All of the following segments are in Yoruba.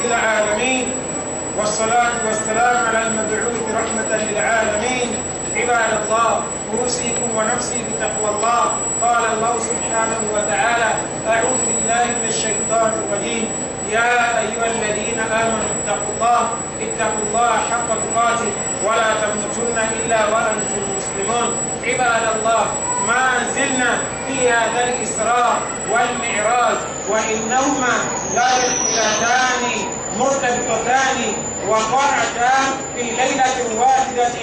رب العالمين والصلاة والسلام على المبعوث رحمة للعالمين عباد الله أوصيكم ونفسي بتقوى الله قال الله سبحانه وتعالى أعوذ بالله من الشيطان الرجيم يا أيها الذين آمنوا اتقوا الله اتقوا الله حق تقاته ولا تموتن إلا وأنتم مسلمون عباد الله ما زلنا في هذا الإسراء والمعراج وإنهما لا مرتبطتان وقعتا في ليلة واحدة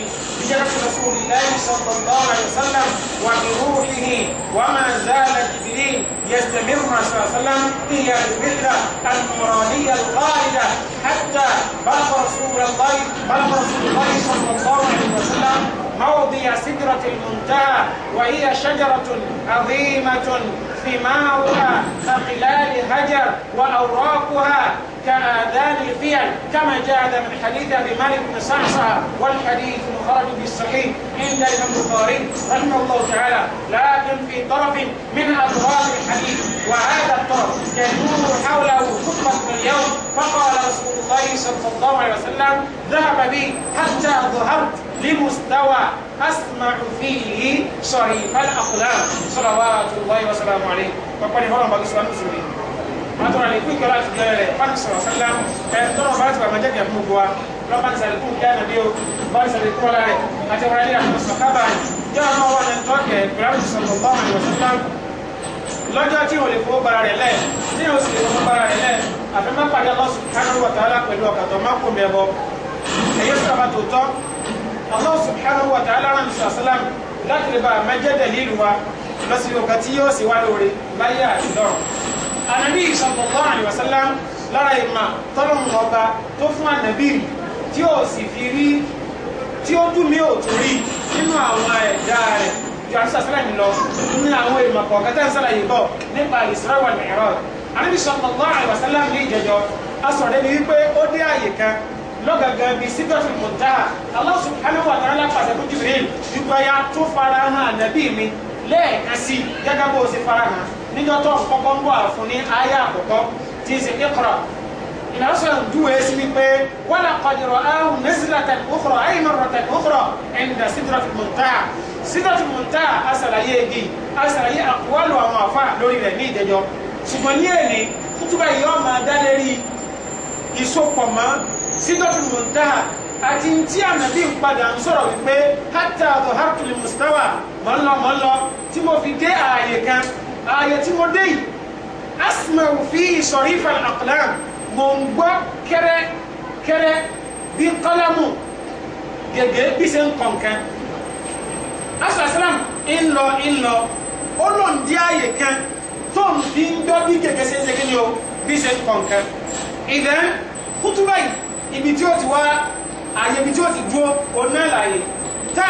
بشرف رسول الله صلى الله عليه وسلم وبروحه وما زال جبريل يستمر صلى الله عليه وسلم في هذه الرحلة المرانية الخالدة حتى بلغ رسول الله بلغ رسول الله صلى الله عليه وسلم موضع سدرة المنتهى وهي شجرة عظيمة ثمارها كقلال هجر وأوراقها كآذان الفيل كما جاء من حديث أبي مالك بن صعصع والحديث مخرج في الصحيح عند الإمام البخاري رحمه الله تعالى لكن في طرف من أطراف الحديث وهذا الطرف يدور حوله خطبة اليوم فقال رسول الله صلى الله عليه وسلم ذهب بي حتى ظهرت لمستوى أسمع فيه صريف الأقلام صلوات الله وسلامه عليه وقال هنا بقى سؤال مسلمين àtọ̀rọ̀ àlékún ìkẹ́lá àti ìjọba rẹ̀ fáàkì sọ̀rọ̀ sẹ́lá ẹ̀ tọ́rọ̀ bá ti bàmọ́ jẹ́kẹ̀ fún wa lọ́bàtí sàlékún kí á nà dé o bàmí sàlékún ọ̀la rẹ̀ àti ọ̀rọ̀ àlẹ́ àti ọ̀sán kábà jẹ́ ọmọ wa ní tọ́kẹ̀ gbìyànjú sọ̀rọ̀ bá wọn ìwọ̀sán náà lọ́jọ́ tí o lè fowó bara rẹ̀ lẹ̀ tí o sì lè fowó bara rẹ̀ lẹ̀ àfi má pàdé ọlọ́sùn kánú wọ̀tá ọlá pẹ̀lú ọ̀kàtọ̀ má kó mẹ́bọ èyí sọ̀rọ̀ tó tọ́ ọlọ́sùn kánú wọ̀tá ọlá rẹ̀ sọ̀ sálám láti lè ba àmẹ́jẹ́ dẹ̀lí ìlú wa lọ anabi sallallahu alaihi wasallam lára ìmọ̀ tọ́lọ́mù ọba tó fún anabi tí ó sì fi rí tí ó dùn mí ò tún rí nínú àwọn ẹ̀dá rẹ̀ ju àti sàṣẹ́lẹ̀ mi lọ nínú àwọn ìmọ̀ kọ̀ọ̀kan tẹ́ ń sàlàyé bọ̀ nípa al-Isra wal-Mi'raj anabi sallallahu alaihi wasallam ní ìjẹjọ asọ̀rọ̀ ni wípé ó dé àyè kan lọ́gàgà bíi sídọ̀tì mọ̀tà Allah subhanahu wa pàṣẹ fún Jibril ìgbà ya tó fara hàn nàbí mi lẹ́ẹ̀kan sí gẹ́gẹ́ bó ṣe fara hàn níjọ́ tó kọ́kọ́ ń bọ̀ àfún ní ayé àkọ́kọ́ tí ń ṣe iqra ìlàsọ̀rọ̀ dùwẹ̀ sí wípé wala qad ra'ahu nazlatan ukhra ay marratan ukhra inda sidratil muntaha sidratil muntaha asàlàyé egi asàlàyé àkúwálò àwọn àfa lórí rẹ̀ ní ìdẹjọ́ ṣùgbọ́n ní èlé kútùbà yìí ọmọ adálérí ìsopọ̀ mọ́ sidratil muntaha àti tí ànàbí padà ń sọ̀rọ̀ wípé hatta dhahartu li mustawa mọ́lọ́mọ́lọ́ tí mo fi dé ààyè kan ààyè tí mo dé yìí asmau fi ìsọ̀rífà àkàlám mo ń gbọ́ kẹ́rẹ́ kẹ́rẹ́ bí kọ́lámù gẹ́gẹ́ bí ṣe ń kọ̀ǹkan asàsílám ń lọ ń lọ ó lò ń dí ààyè kan tó ń fi ń gbọ́ bí gẹ́gẹ́ ṣe ń ṣe kí ni o bí ṣe ń kọ̀ǹkan ìdẹ́ kútúbà yìí ibi tí ó ti wá ààyè ibi tí ó ti dúró òun náà láàyè tá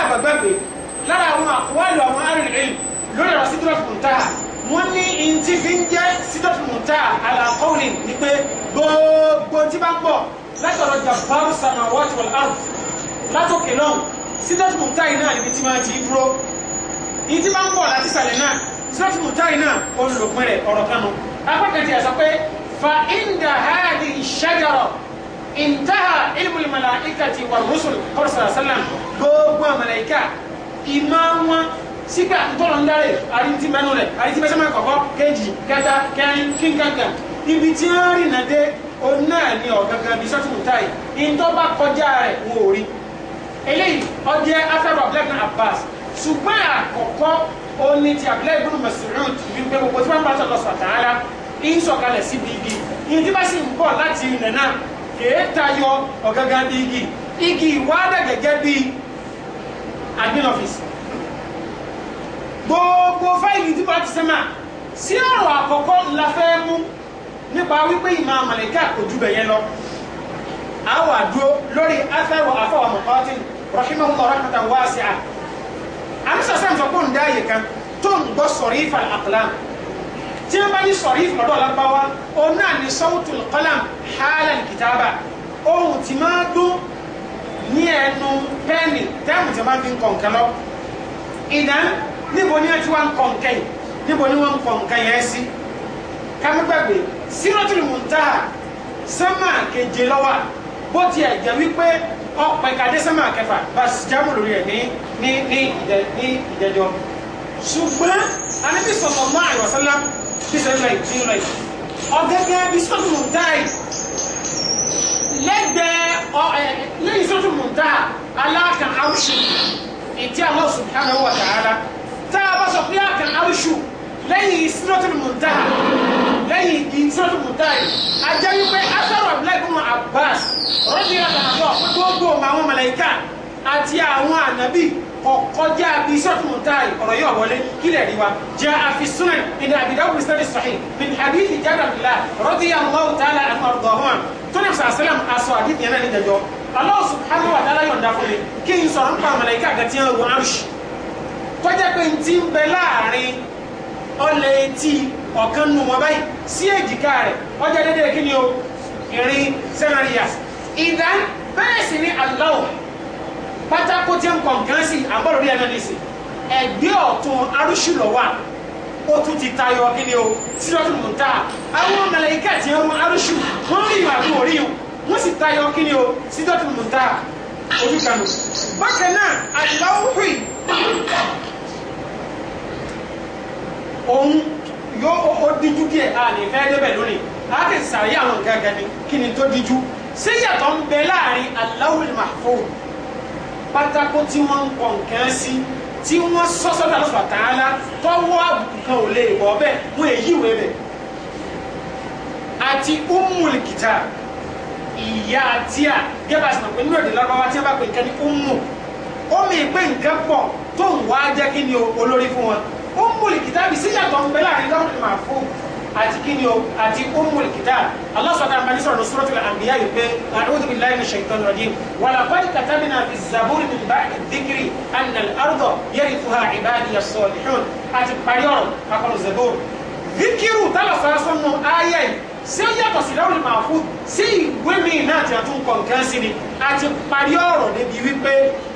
lára àwọn àkọwálù àwọn arìnrìn lórí ọ̀rọ̀ sídúrà fún táà wọ́n ní in tí fi ń jẹ́ sídọ̀tù mùtá àlàkọ́wìn ni pé gbogbo tí bá ń bọ̀ látọ̀rọ̀ jàbáru samawati wal ard látòkè náà sídọ̀tù mùtá yìí náà níbi tí máa ti dúró in tí bá ń bọ̀ láti sàlẹ̀ náà sídọ̀tù mùtá yìí náà ó ń lò pẹ́rẹ̀ ọ̀rọ̀ kanu apákẹ́tì àsọ pé fa inda hadi ìṣẹ́jọrọ̀ intaha ilmu malaikati wa rusul kọ́rọ̀sọ̀rọ̀ sálàm sika tọ́lọ̀ ń dárẹ̀ àríntí mẹ́nu rẹ̀ àríntí mẹ́sẹ̀ mẹ́rin kọ̀kọ́ kejì kẹta kẹrin kíkankan ibi tí ń rìn náà ni ọ̀gangan bíi sọ́tùmù táì ìtọ́ bá kọjá rẹ̀ wọn ò rí eléyìí ọjẹ́ afẹ́rọ abdullahi bin abbas ṣùgbọ́n àkọ́kọ́ òun ni ti abdullahi bin mas'ud wípé gbogbo tí wọ́n bá tọ̀ lọ sọ̀tàrà ń sọ̀kalẹ̀ síbi igi ìyẹn tí bá láti ilẹ̀ náà kèé tayọ ọ̀gangan igi igi ìwádàgẹ̀gẹ́ bíi admin office gbogbo fáìlì tí wọ́n ti sẹ́mà sí ọ̀rọ̀ àkọ́kọ́ la fẹ́ mú nípa wípé ìmọ̀ àmàlẹ́kà kò ju bẹ̀yẹn lọ àwọn àdúró lórí afẹ́wọ̀ afọ́wọ̀ mọ̀kọ́tì rọ̀ṣímọ̀ ńlọ rọ́kàtà wá sí à àmísàsá ń sọ pé ń dá àyè kan tó ń gbọ́ sọ̀rí ìfà àkàlám tí wọ́n bá ní sọ̀rí ìfà lọ́dọ̀ lábáwá òun náà ní sọ́wọ́tò kọ́lám hálàn kìtàbà ohun tí máa dún ní ẹnu pẹ́ẹ́nì táàmù níbo ni ẹ ti wá ń kọ̀ nǹkan yìí níbo ni wọ́n ń kọ̀ nǹkan yẹn sí kámẹ́gbàgbé Siratul Muntaha sánmà keje lọ́wọ́ bó tiẹ̀ jẹ́ wípé ọ̀pẹ̀ kàdé sánmà kẹfà bàṣẹ jámù lórí ẹ̀ ní ní ní ìdẹ ní ìdẹjọ́ ṣùgbọ́n Ànábì sallallahu alaihi wasallam bí sọ ìlọ ìdí ìlọ ìdí ọ̀gẹ́gẹ́ bí Siratul Muntaha lẹ́gbẹ̀ẹ́ lẹ́yìn Siratul Muntaha alákan àwùṣe ìdí Allah subhanahu wa ta'ala lóṣù lẹ́yìn sinatul muntaha lẹ́yìn igi sinatul muntaha ajá wípé asọ́rọ̀ abúlẹ́gbọ̀n abbas rọ́bì àtàkọ́ gbogbo àwọn màláíkà àti àwọn ànábì ọ̀kọ́já bíi sinatul muntaha ọ̀rọ̀ yóò wọlé kílẹ̀ rí wa jẹ́ àfi sunan ìdá àbídáwò bisani sahih bin hadith jábàbílà rọ́bì allahu ta'ala àti ọ̀rọ̀ ọ̀hún tó ní sàásílám aṣọ àdìyẹ náà ní jẹjọ Allah subhanahu wa ta'ala yọ̀ǹda fún mi kí n sọ̀rọ̀ nípa màláíkà àgàtìyàn rú arṣì tọ́jà pé ti ń bẹ láàrin ọlẹ̀ etí ọ̀kan nù wọn báyìí sí èjìká rẹ̀ ọjà dédé kí ni o ìrìn sẹ́nàríyà ìdá bẹ́ẹ̀ sì ni aláwọ̀ pátákó tí ń pọ̀n kan sí àbọ̀rọ̀ rí ẹ̀nà nìsí ẹ̀gbẹ́ ọ̀tún arúṣù lọ́wọ́ ó tún ti tayọ kí ni o sílọ́tún mú ta àwọn màláíkà tí ó mú arúṣù wọ́n rí ìwà àbúrò rí wọ́n sì tayọ kí ni o sílọ́tún mú ta ojú kanu bákan náà àláwùrì òun yóò ó díjú díẹ̀ a lè fẹ́ débẹ̀ lónìí a lè sàrí àwọn nǹkan kan ní kí ni tó díjú sí yàtọ̀ ń bẹ láàrin aláwùrì mahfuz pátákó tí wọ́n ń kọ̀ nǹkan sí tí wọ́n sọ́sọ́ dà lọ́sọ̀ tààlà tọ́wọ́ àbùkù kan ò lè wọ̀ bẹ́ẹ̀ mú èyí ìwé bẹ̀ àti umul kitab ìyá tíà gẹ́gbà sí pé nínú èdè lọ́rọ́bá tí wọ́n bá pè nǹkan ní ọmọ ọmọ ìpè nǹkan pọ̀ tó ń wá jẹ́ kí ni olórí fún wọn ọmọlì kìtàbí síyàtọ̀ ń bẹ láàrin lọ́rùn máa fún àti kí ni o àti ọmọlì kìtàbí Allah subhanahu wa ta'ala sọ̀rọ̀ ní suratul anbiya yìí pé a'udhu billahi minash shaitanir rajim wa laqad katabna fi zaburi min ba'di dhikri anna al-arda yarithuha ibadiya as-salihun àti parí ọ̀rọ̀ akọ̀rọ̀ zabur ṣé ó yàtọ̀ sí lọ́rùn màáfù sí ìwé mi náà ti àtún kọ̀ nǹkan sí ni a ti parí ọ̀rọ̀ níbi wípé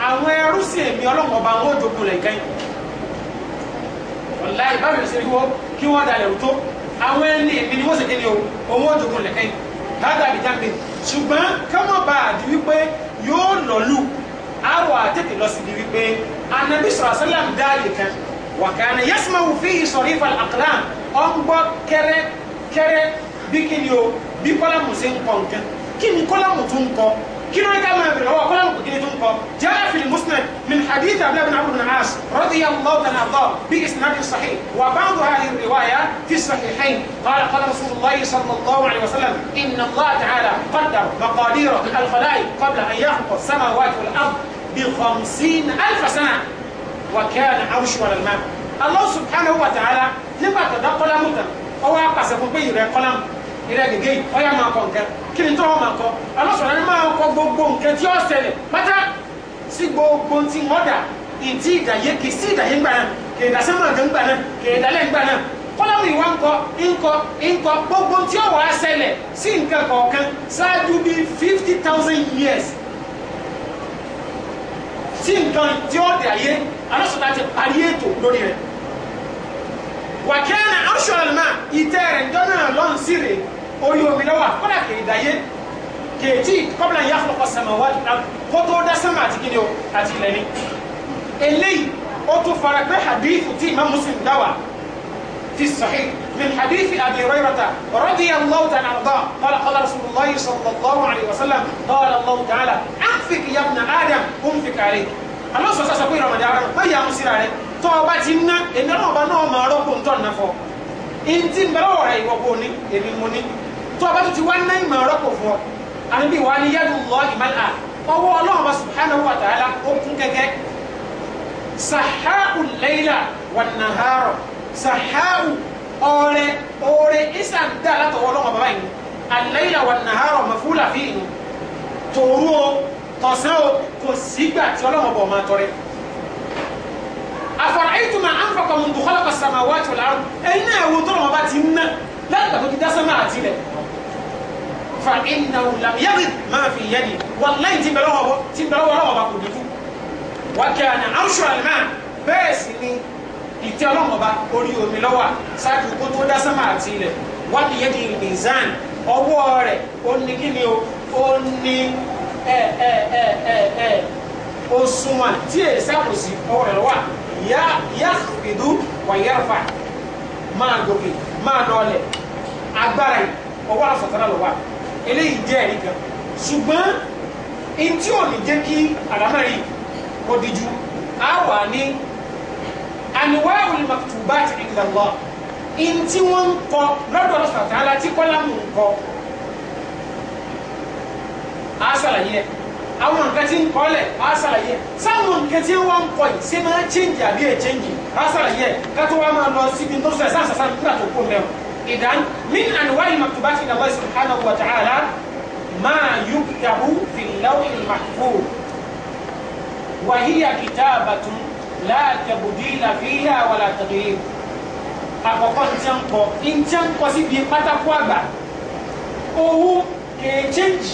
àwọn ẹrú sí èmi ọlọ́run ọba wọn ò jogun rẹ̀ kẹ́yìn ọ̀la ìbáwí ṣe kí wọ́n kí wọ́n dalẹ̀ tó àwọn ẹni èmi ni wọ́n ṣe kéde owó jogun rẹ̀ kẹ́yìn dáadáa àbíjá mi ṣùgbọ́n kẹ́mọ̀ bá a di wípé yóò lọ́lù àrò àtètè lọ sí di wípé anabi sọ̀rọ̀ sọ́lá ń dá àyè kan wàkàna fi ìsọ̀rí ìfàlàkàlà ọ̀ ń gbọ́ kẹ́rẹ́ kẹ́rẹ́ bí kí ni o bí kọ́lámù ṣe ń kọ nǹkan kí ni kọ́lámù tún kọ kí ló ń ká máa bẹ̀rẹ̀ wá kọ́lámù kò kini tún kọ jara fil musnad min hadith abdullah ibn abd al-as radiyallahu ta'ala anhu bi isnad sahih wa ba'd hadhihi riwaya fi sahihayn qala qala rasulullah sallallahu alayhi wa sallam inna allah ta'ala qaddar maqadir al-khalaiq qabla an yakhluq as-samawati wal-ard bi 50 alf sana wa kana arshu ala al-ma' allah subhanahu wa ta'ala nígbà tó dá kọ́lámù kan ọwọ́ apàṣẹ fún ìrẹ́ gègé yìí ọ̀yà máa kọ nǹkan kí ni tọ́wọ́ máa kọ ọlọ́sọ̀rọ̀ ni máa kọ gbogbo nǹkan tí ó ṣẹlẹ̀ pátá sí gbogbo tí wọ́n dà ìtì ìdàyé kì í sí ìdàyé ńgbà náà kì í dàsẹ́ màgán ńgbà náà kì í dàlẹ́ ńgbà náà kọ́lámù ìwà ńkọ ńkọ ńkọ gbogbo tí ó wàá ṣẹlẹ̀ sí nǹkan kọ̀ọ̀kan ṣáájú bí fifty thousand years tí nǹkan tí ó dàyé alọ́sọ̀rọ̀ àti parí ètò lórí rẹ̀ wàkẹ́ni arṣọ́ọ̀lù náà ìtẹ́ rẹ̀ dọ́nà lọ́n sí rèé orí omi lọ́wọ́ kọ́dà kìí dáyé kèétí kọ́bìnà yà fún ọkọ̀ sàmàwá kó tó dá sàmà àti kíni o àti ilẹ̀ ni eléyìí ó fara pé hadithu tí imam muslim dáwà في الصحيح من حديث أبي هريرة رضي الله تعالى عنه قال قال رسول الله صلى الله عليه وسلم قال الله تعالى أنفق يا ابن آدم أنفق عليك الله سبحانه وتعالى يقول رمضان ما يا مسير عليك tó o bá ti ná èmi náà bá náà máa rọ́pò ń tọ́ ǹnà fọ́ ẹ̀ ni èmi mo ní tó o bá tún ti wá ná ìmọ̀ ọ̀rọ̀pọ̀ fún ọ àníbí wa ni yẹ́dù lọ ìmọ̀lá ọwọ́ ọlọ́run bá subhanahu wa ta'ala ó kún kẹ́kẹ́ sàháù lẹ́yìnlá wà nàhárọ̀ sàháù ọ̀rẹ́ ọ̀rẹ́ ìsà dá látọwọ́ ọlọ́run bàbá yìí àlẹ́yìnlá wà nàhárọ̀ mafúlà fi ìlú tòru o tọ̀sán o kò sígbà tí ọlọ́run bọ̀ máa tọrẹ afara'aytum ma anfaqa mundu khalaqa as-samawati wal-ard ẹ̀yin náà wo tọ́lọ́mọba ti ń ná láti gbàgbọ́ ti dá sánmà àti ilẹ̀ fa innahu lam yagid ma fi yadi wàllayi ti bẹ̀rẹ̀ wọ̀ ti bẹ̀rẹ̀ wọ̀ lọ́wọ́ bá kò dínkù wà kẹ́hìn arṣu àlùmá bẹ́ẹ̀ sì ni ìtẹ́ ọlọ́mọba orí omi lọ́wọ́ ṣáàkì kó tó dá sánmà àti ilẹ̀ wà ní yadi mizan ọwọ́ rẹ̀ ó ní kí ni o ó ní ẹ ẹ ẹ ẹ ẹ òṣùwọ̀n tí èyí sàkóso ọwọ́ rẹ̀ wà yá yá ìdú wà yá fà máa gòkè máa dọ̀ọ̀lẹ̀ agbára yìí ọwọ́ àfọ̀tánà lọ́wọ́ eléyìí jẹ́ ẹ̀rí kan ṣùgbọ́n in tí ò ní jẹ́ kí àlámẹ́rì kò díjú á wà ní aniwaawul maktubat inda Allah in tí wọ́n ń kọ lọ́dọ̀ sàtàlá tí kọ́lámù ń kọ á sàlàyé àwọn nǹkan tí ń kọ́lẹ̀ á sàlàyé sáwọn nǹkan tí wọ́n ń kọ yìí ṣé máa ń chẹ́ǹjì àbí ẹ̀ chẹ́ǹjì á sàlàyé ká tó wá máa lọ síbi tó sọ sáà sàṣà nígbà tó kó mẹ́wọ̀n. إذن من أنواع المكتوبات إلى الله سبحانه وتعالى ما يكتب في اللوح المحفوظ وهي كتابة لا تبديل فيها ولا تغيير àkọ́kọ́ ntẹ nkọ ntẹ nkọ si bi pátákó àgbà owó kèé change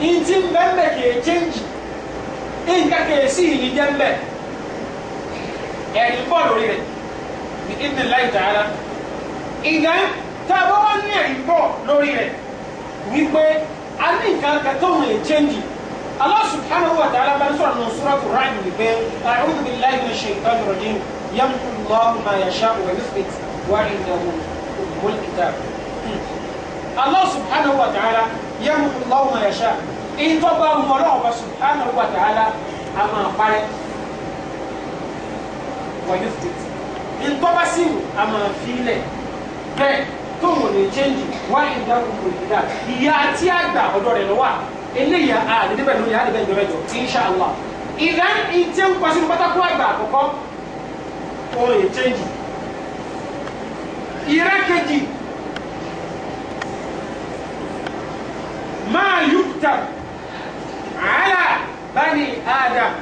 ntí mbẹ́mbẹ́ kèé change nka kèé sí ìní jẹ́ mbẹ́ ẹ̀yìn bọ́ọ̀lù rẹ̀ ní ìdílé láì tààrà ìdán tá a bá wá ní ẹ̀rí pọ̀ lórí rẹ̀ wípé a ní nǹkan kan tó lè chẹ́ǹdì Allah subhanahu wa ta'ala bá ń sọ̀rọ̀ nù suratu Ra'd wípé a'udhu billahi minash shaitanir rajim yamhu Allahu ma yasha'u wa yuthbit wa indahu ummul kitab. Allah subhanahu wa ta'ala yamhu Allahu ma yasha'u èyí tó bá wọn náà wọ subhanahu wa ta'ala a máa parẹ́ wa yuthbit ntọ́ba sí a máa fi lẹ̀ bẹ́ẹ̀ tóun ò ní chẹ́ǹjì wá ìdáhùn olùdíjà ìyá tí a gbà ọ̀dọ̀ rẹ̀ lọ́wọ́ eléyà a lè débẹ̀ lónìí a lè bẹ̀ jọ̀rọ̀ insha Allah ìdá ìtẹ́ ń pasí pátákó àgbà àkọ́kọ́ òun ò ní chẹ́ǹjì ìrẹ́ kejì máa yúkta àlà bani Adam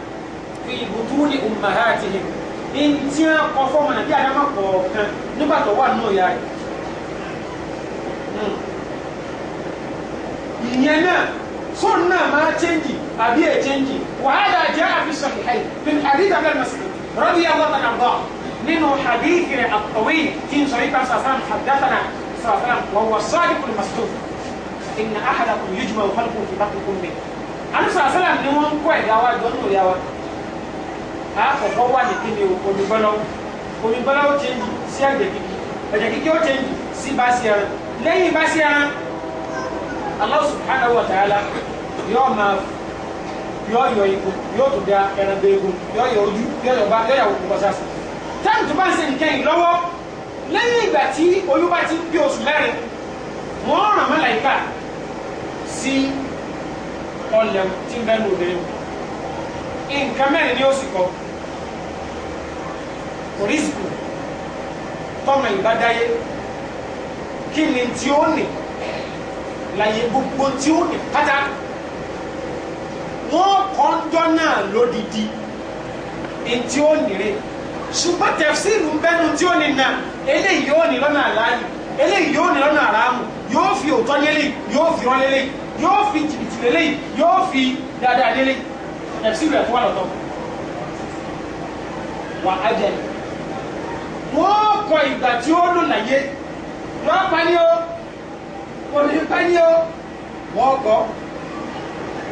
fi butuni ummahatihim ní tí wọ́n kọ́ fọ́ọ̀mù nàbí àdámà kọ̀ọ̀kan nígbà tó wà nù yára ìyẹn náà fóònù náà máa chẹ́ǹgì àbí ẹ̀ chẹ́ǹgì wàhálà jẹ́ àfisọ̀ ìhẹ́yì bin àdìdà bẹ́ẹ̀ mọ̀sílẹ̀ rọ́bì yàgbọ́n náà bọ̀ nínú àdìgì rẹ̀ àtọ̀wé tí n sọ yípa sàfàn àdàtànà sàfàn wọ̀wọ̀ sọ́ọ̀dì kùn mọ̀sítò ìnà àhàdà kùn yíjú mọ̀ wọ́n kùn fìbá kùn mi. àmì sàfàn ni wọ́n ń kọ́ ẹ̀dá wa jọ nù yà wa. àkọ́kọ́ wà ní kíni o omi bọ́lọ́ omi bọ́lọ́ ó chẹ́ǹgì sí àgbẹ̀ kíkì ẹ̀jẹ̀ kíkì ó chẹ́ǹgì sí bá sí ẹran lẹ́yìn bá sí ẹran Allah subhanahu wa ta'ala yóò máa yóò yọ igun yóò tún da ẹran bẹ igun yóò yọ ojú yóò yọ bá yóò yà wọ́pọ̀ sásì táwọn tó bá ń ṣe nǹkan yìí lọ́wọ́ lẹ́yìn ìgbà tí oyún bá ti bí oṣù mẹ́rin wọ́n ràn málàíkà sí ọ̀lẹ̀ tí ń bẹ́nu obìnrin nǹkan mẹ́rin ni ó sì kọ́ orísìkò tọ́mọ ìbádáyé kí ni tí ó nìí láyé gbogbo tí ó ní pátá wọn kọ́ńdọ́ náà lódìdí ntí ó nìre ṣùgbọ́n tẹ̀síìlù ń bẹ́nu tí ó ní na eléyìí yóò ní lọ́nà àlàyé eléyìí yóò ní lọ́nà àràmù yóò fi òótọ́ lélẹ̀ yóò fi rán lélẹ̀ yóò fi jìbìtì lélẹ̀ yóò fi dáadáa lélẹ̀ tẹ̀síìlù ẹ̀fọ́ àlọ́tọ̀ wà á jẹ wọ́n kọ ìgbà tí ó lò láyé lọ́pàá ni ó kò ní pẹ́ ní o wọ́n kọ́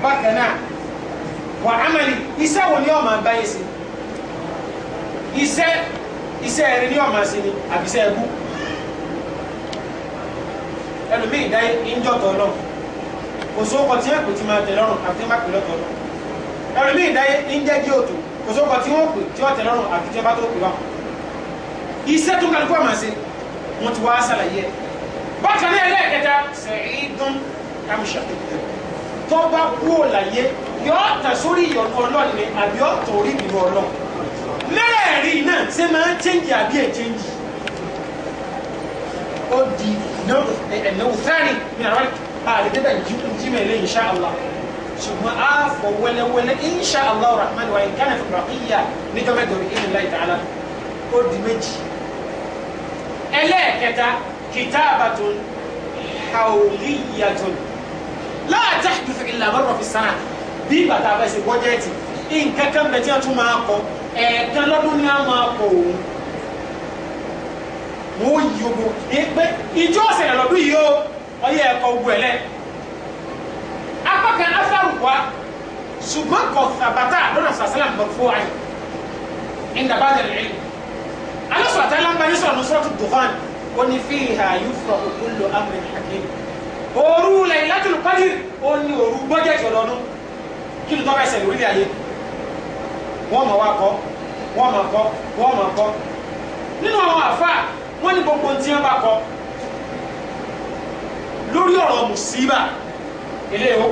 bákan náà wà ámàlì iṣẹ́ wo ni ọ̀ máa bá yín sí iṣẹ́ iṣẹ́ rẹ ni ọ̀ máa sí ni àbí iṣẹ́ ẹ̀kú ẹlòmíì dá ìjọ́tọ̀ náà kò sóko tí ẹ̀kú ti máa tẹ̀ lọ́rùn àti má pè lọ́tọ̀ náà ẹlòmíì dá ìjẹ́ jí òtò kò sóko tí wọ́n pè tí wọ́n tẹ̀ lọ́rùn àti tí wọ́n bá tó pè wá iṣẹ́ tó kálukú ọ̀ máa sí wọ́n ti wá ṣàlàyé ẹ̀ bákan náà ẹlẹ́ẹ̀kẹta sẹ̀ẹ́dún amúṣà tó bá kú òlàyé yóò tà sórí ìyọ̀nù ọlọ́run ni àbí ọ̀tọ̀ orí ìlú ọlọ́run mẹ́rẹ̀ẹ̀rin náà ṣe máa ń chẹ́ǹjì àbí ẹ̀ chẹ́ǹjì ó di ẹ̀nàwó fẹ́rin ní àwọn àrídẹ́dà jímẹ̀ lé insha Allah ṣùgbọ́n a fọ wẹ́lẹ́wẹ́lẹ́ insha Allah rahman wa in kana fìgbà ìyá níjọ́ mẹ́jọ ní ilẹ̀ kitabatun kauliyatun la tahduth illa marra fi sana bí bàtà bẹ́ẹ̀ ṣe bọ́jẹ́ẹ̀tì nǹkan kan bẹ̀ tí wọ́n tún máa kọ ẹ̀ẹ̀kan lọ́dún ni a máa kọ òun wọ́n yí ogbó pé ìjọ ọ̀sẹ̀rẹ̀ lọ́dún yìí ó ọyẹ ẹ̀kọ́ ogun ẹ̀lẹ́ apákan afárùkwá ṣùgbọ́n kọ àbátá lọ́nà sàṣẹ́lá ń bọ̀ fún àyè ìdàbàdàn ẹ̀lẹ́ alásùwàtà ń bá yín sọ̀rọ̀ ó ní fíìhà yúfọ̀ òkúlò amúrin hakim òru Laylatul Qadr ó ní òru gbọ́jẹ̀ ìṣọ̀dọ̀ọdún kí ló tọ́ka ẹsẹ̀ lórí ayé wọ́n mọ̀ wá kọ́ wọ́n mọ̀ kọ́ wọ́n mọ̀ kọ́ nínú àwọn àfa wọ́n ní gbogbo tí wọ́n bá kọ́ lórí ọ̀rọ̀ mùsíbà ilé o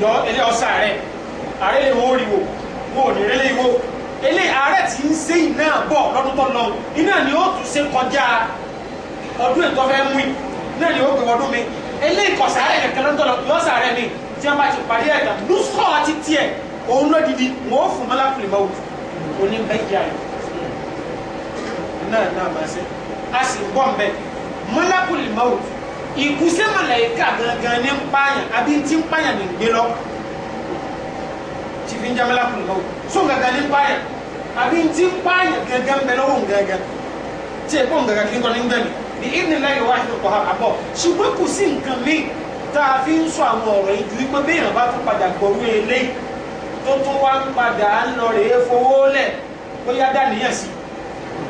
yọ ilé ọ̀sà rẹ̀ àrẹ́lẹ̀ wọ́n rí wo wọ́n ò ní rẹ́lẹ̀ ìwọ́ ilé ààrẹ tí ń ṣe iná bọ̀ lọ́dún tó lọ iná ni ó tún ṣe kọjá ọdún ètò ọfẹ́ mú iná ni ó pè wọ́dún mi ilé ìkọ̀sà ààrẹ kankan lọ́dún tó lọ yọ sàárẹ̀ mi tí wọ́n bá ti parí ẹ̀ dà lùsùkọ́ àti tiẹ̀ òun ló didi wọ́n ó fún mọ́láfìlì máa wù oní bẹ́ẹ̀kì ààrẹ náà náà máa ṣe a sì bọ́ mbẹ́ mọ́láfìlì máa wù ìkúsẹ́ mọ̀lẹ́kà gangan ní ń pààyàn àbí ti ń pààyàn ní gbé lọ ti fi ń jamela kun kan so gangan ni paaya àbí n ti paaya gangan bẹ lọ́wọ́ gangan tí ẹ kó n kí n kọ́ ni n gbẹ̀mí ní ìdílé láyé wá àti kọ́ àbọ̀ ṣùgbọ́n kò sí nǹkan mi tá a fi ń sọ àwọn ọ̀rọ̀ yìí ju wípé béèyàn bá tún padà gbọ́rú eléyìí tó tún wá ń padà ń lọ rèé fowó lẹ̀ bóyá dá nìyẹn sí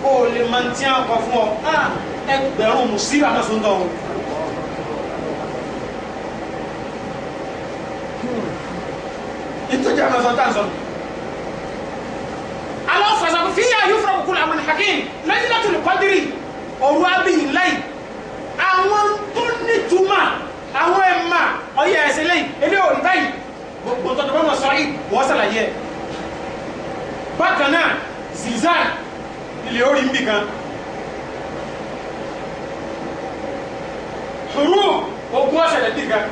kó o lè máa ń tí a fún ọ ẹgbẹ̀rún mùsílà jẹ́ àmọ́ sọ́tà sọ. alọ́ fasa fi yà yóò fura kúkú àmọ́ hakim lẹ́yìn láti lè kọ́dírì òru abiy láì àwọn tó ní túmọ̀ àwọn ẹ̀ma ọyẹ ẹ̀sẹ̀ lẹ́yìn ilé òrí báyìí gbogbo tọ́jú bọ́mọ̀ sọ yìí wọ́n ṣàlàyé ẹ̀. bákan náà zizan ilé orí ń bì kan. òru ogun ọ̀sẹ̀ lẹ́bì kan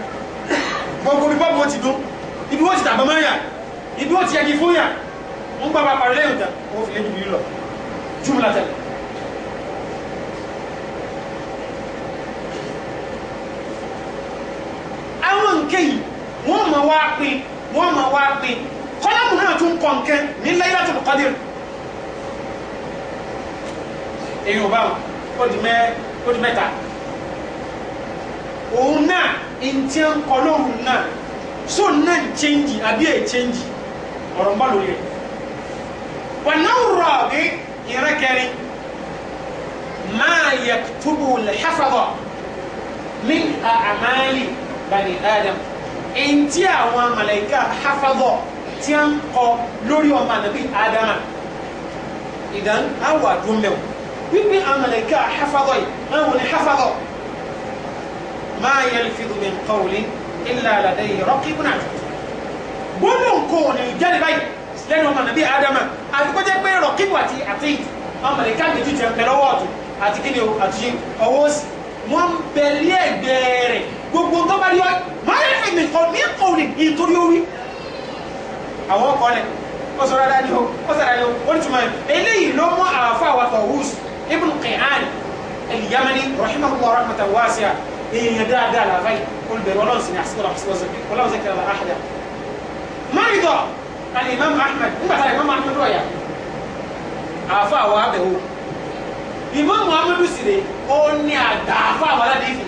gbogbo ibi bọ́ọ̀bù ìbí ó ti ẹni fún yà ń gbà bá parí lẹ́yìn tán wọ́n fi lé jù yìí lọ jùmùlà tẹ̀lé. àwọn nǹkan yìí wọ́n máa wá pin wọ́n máa wá pin kọ́lámù náà tún kọ̀ nǹkan ní Laylatul Qadr èyí ò bá wọn ó di mẹ́ ó di mẹ́ta òun náà ntí ń kọ́ lóhùn náà so náà ń chẹ́ǹjì àbí ẹ̀ chẹ́ǹjì. برمبلو لي والنوع الرابع يركني ما يكتب الحفظة من أعمال بني آدم إنتي أوان ملائكة حفظة tí a ń kọ lórí ọmọ ànábì Ádámà ìdán awọ àdúmẹwò wípé amalẹkẹ àhafadọ yìí àwọn ní hafadọ máa yalfidu min qawlin illa ladayhi raqibun àti. gbólóhùn kò ní jáde báyìí lẹ́nu ọmọ nàbí ádámà àti kó jẹ́ pé rọ̀kíbù àti àti ọmọ mẹ̀lẹ́ká méjì jẹ́ pẹ̀lú ọwọ́ ọ̀tún àti kí ni o àti ọwọ́ òsì wọ́n ń bẹ lé ẹ̀gbẹ́ rẹ̀ gbogbo tó bá yọ máa ń fi nìkan ní kòrì nítorí orí àwọn ọkọ rẹ̀ ó sọ rárá ni o ó sọ rárá ni o ó ní túmọ̀ eléyìí ló mú àáfà wa Tawus ibn Qi'an al-Yamani rahimahullah rahmatan wasi'a èèyàn dáadáa làbáyé olùbẹ̀rẹ̀ ọlọ́run sì ni àsìkò ọlọ́run sì kẹrẹ làbáyé mọ́rìndọ̀ alimami ahmed nígbàtà imam ahmed ọ̀yà àfa àwọn abẹ̀wò imam ahmed sì ni ó ní àgbà àfa àwọn aládìífì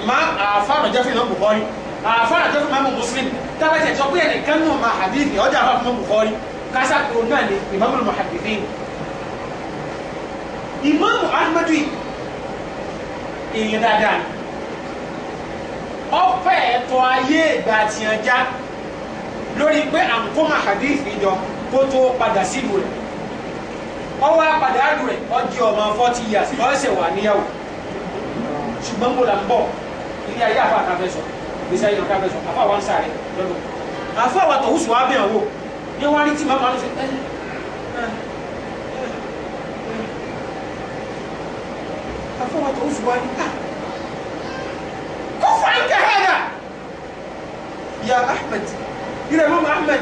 imam àfa àjọfin náà bukhari àfa àjọfin náà muslim tábàtì ẹ̀tọ́ pé ẹnìkan náà máa hadithi ọjà àfa àfọmọ bukhari kásá pé òun náà ni imam muhaddithin imam ahmed yìí èèyàn dáadáa ọpẹ́ lórí pé à ń kó ma hadith ìjọ kó tó padà sílùú rẹ̀ ọwọ́ apàdé àdùn rẹ̀ ọdí ọmọ forty years ọ̀sẹ̀ wà níyàwó ṣùgbọ́n mo là ń bọ̀ ilé ayé àfa àtàfẹ́sọ̀ gbèsè ayé àtàfẹ́sọ̀ àfa wa ń sáré lọ́dọ̀ àfa wa tọ̀húsù wa bẹ̀ wò ní wọ́n rí tí màmá ló ṣe ẹ́ eh, eh, eh, àfa wa tọ̀húsù wa ní ká ah, kó fún àyíká hẹ́ẹ̀dà ya Ahmed ìrẹ̀ mọ́ Muhammad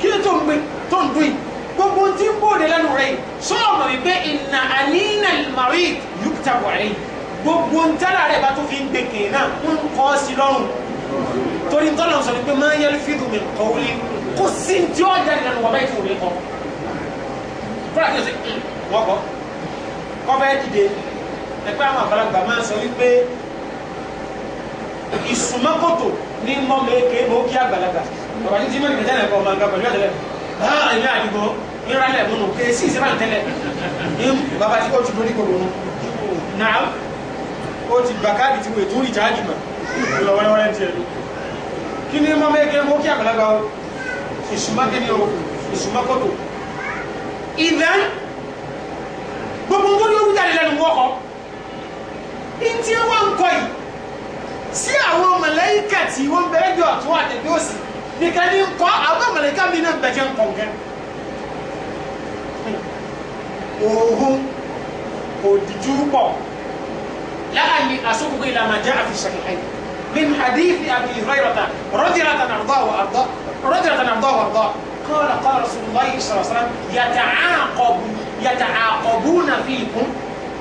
kí ló tó ń gbé tó ń dún yìí gbogbo tí ń bòde lẹ́nu rẹ̀ yìí sọ́ọ̀ mọ̀ wípé ìnà àníínà ìmàrí yúkúta wà rẹ̀ yìí gbogbo ń tẹ́lá rẹ̀ bá tó fi ń gbé kèé náà ń kọ́ sí lọ́rùn torí ń tọ́lọ̀ sọ wípé máa ń yẹlu fídùn mi kọ́ wọlé kó sí tí ó jáde lẹ́nu wọ́n báyìí fún mi kọ́ kúrò àti ọ̀sẹ̀ hmm, wọ́n kọ́ kọ́ dìde ẹgbẹ́ àwọn àgbàlagbà máa sọ wípé ìsùnmọ́kòtò ní mọ́ mi ké mo kí àgbàlagbà bàbá tí tìmọ̀ nìkan tẹ́lẹ̀ kọ́ ọmọ nǹkan pẹ̀lú ẹ̀tẹ́lẹ̀ hàn èmi àdìgbò ìrànlẹ̀ múnú ké sí ìsẹ́fà tẹ́lẹ̀ bàbá tí ó ti lórí kòrò nù náà o ti bàkáàdì tí wèé tó rí jáàjì mọ̀ lọ́wọ́lọ́wọ́lẹ́ tiẹ̀ kí ni mọ́ mi ké mo kí àgbàlagbà o ìsúmákẹ́ ni o ìsúmákọ́tò ìdán gbogbo tó ní orúkọ sí àwọn màláíkà tí wọ́n bẹ̀rẹ̀ bí ọ̀tún àtẹ̀bí òsì nìkan ní nkọ́ àwọn màláíkà mi náà bẹ̀jẹ̀ nkọ̀ǹkẹ́ òhun òdìjú pọ̀ láàyè àsopọ̀ ìlà màjá àfi sahihayn min hadithi abi hurayrata radiyallahu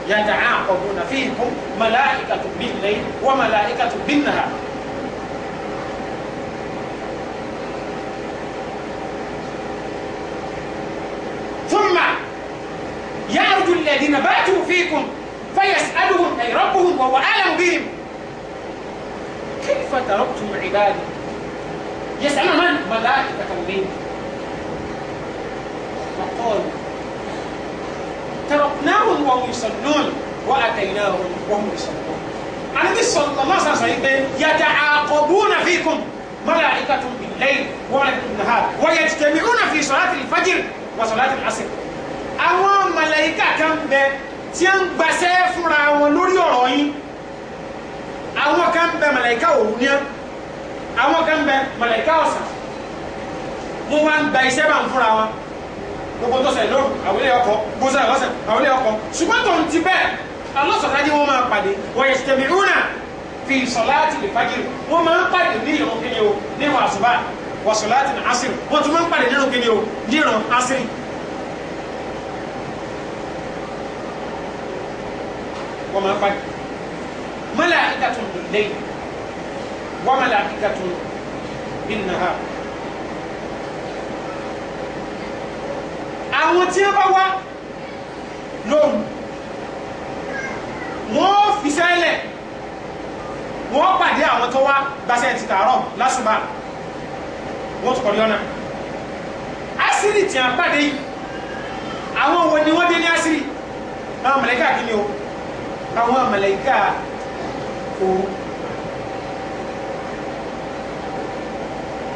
يتعاقبون فيكم ملائكة بالليل وملائكة بالنهار ثم يعرج الذين باتوا فيكم فيسألهم أي ربهم وهو أعلم بهم كيف تركتم عبادي يسأل من ملائكة الليل وقال وهم يصلون وأتيناهم وهم يصلون النبي صلى الله عليه وسلم يتعاقبون فيكم ملائكة بالليل وملائكة بالنهار ويجتمعون في صلاة الفجر وصلاة العصر àwọn màláíkà kan bẹ tí ń gbàṣẹ fúnra wọn lórí ọ̀rọ̀ yín àwọn kan bẹ màláíkà òru ní àwọn kan bẹ màláíkà ọ̀sán mo wá ń gba iṣẹ́ bá ń fúnra wọn gbogbo tó ṣẹlẹ̀ lóru àwọn ilé ọkọ̀ gbósà ọ̀sẹ̀ àwọn ilé ọkọ̀ ṣùgbọ́n tó ń ti bẹ́ẹ̀ alọ́sọ̀tà ni wọ́n máa pàdé wọ́n yẹ sítẹ̀mì rúnà fi sọ̀láàtì lè fagiri wọ́n máa ń pàdé ní ìrun kíni o ní ìrun àṣùbà wà sọ̀láàtì ní asiri wọ́n tún máa ń pàdé nínú kíni o ní ìrun asiri. wọ́n máa ń pàdé mọ́lá ìdàtún lè wọ́n mọ́lá ìdàtún bí nàá àwọn tí wọ́n bá wá lóhùn wọ́n fi sẹ́lẹ̀ wọ́n pàdé àwọn tó wá gbàṣẹ́ ti tààrọ̀ lásùbà wọ́n tún kọ̀ lọ́nà asiri tí a pàdé yìí àwọn wo ni wọ́n dé ní asiri àwọn mọ̀lẹ́kà kí ni o àwọn mọ̀lẹ́kà kò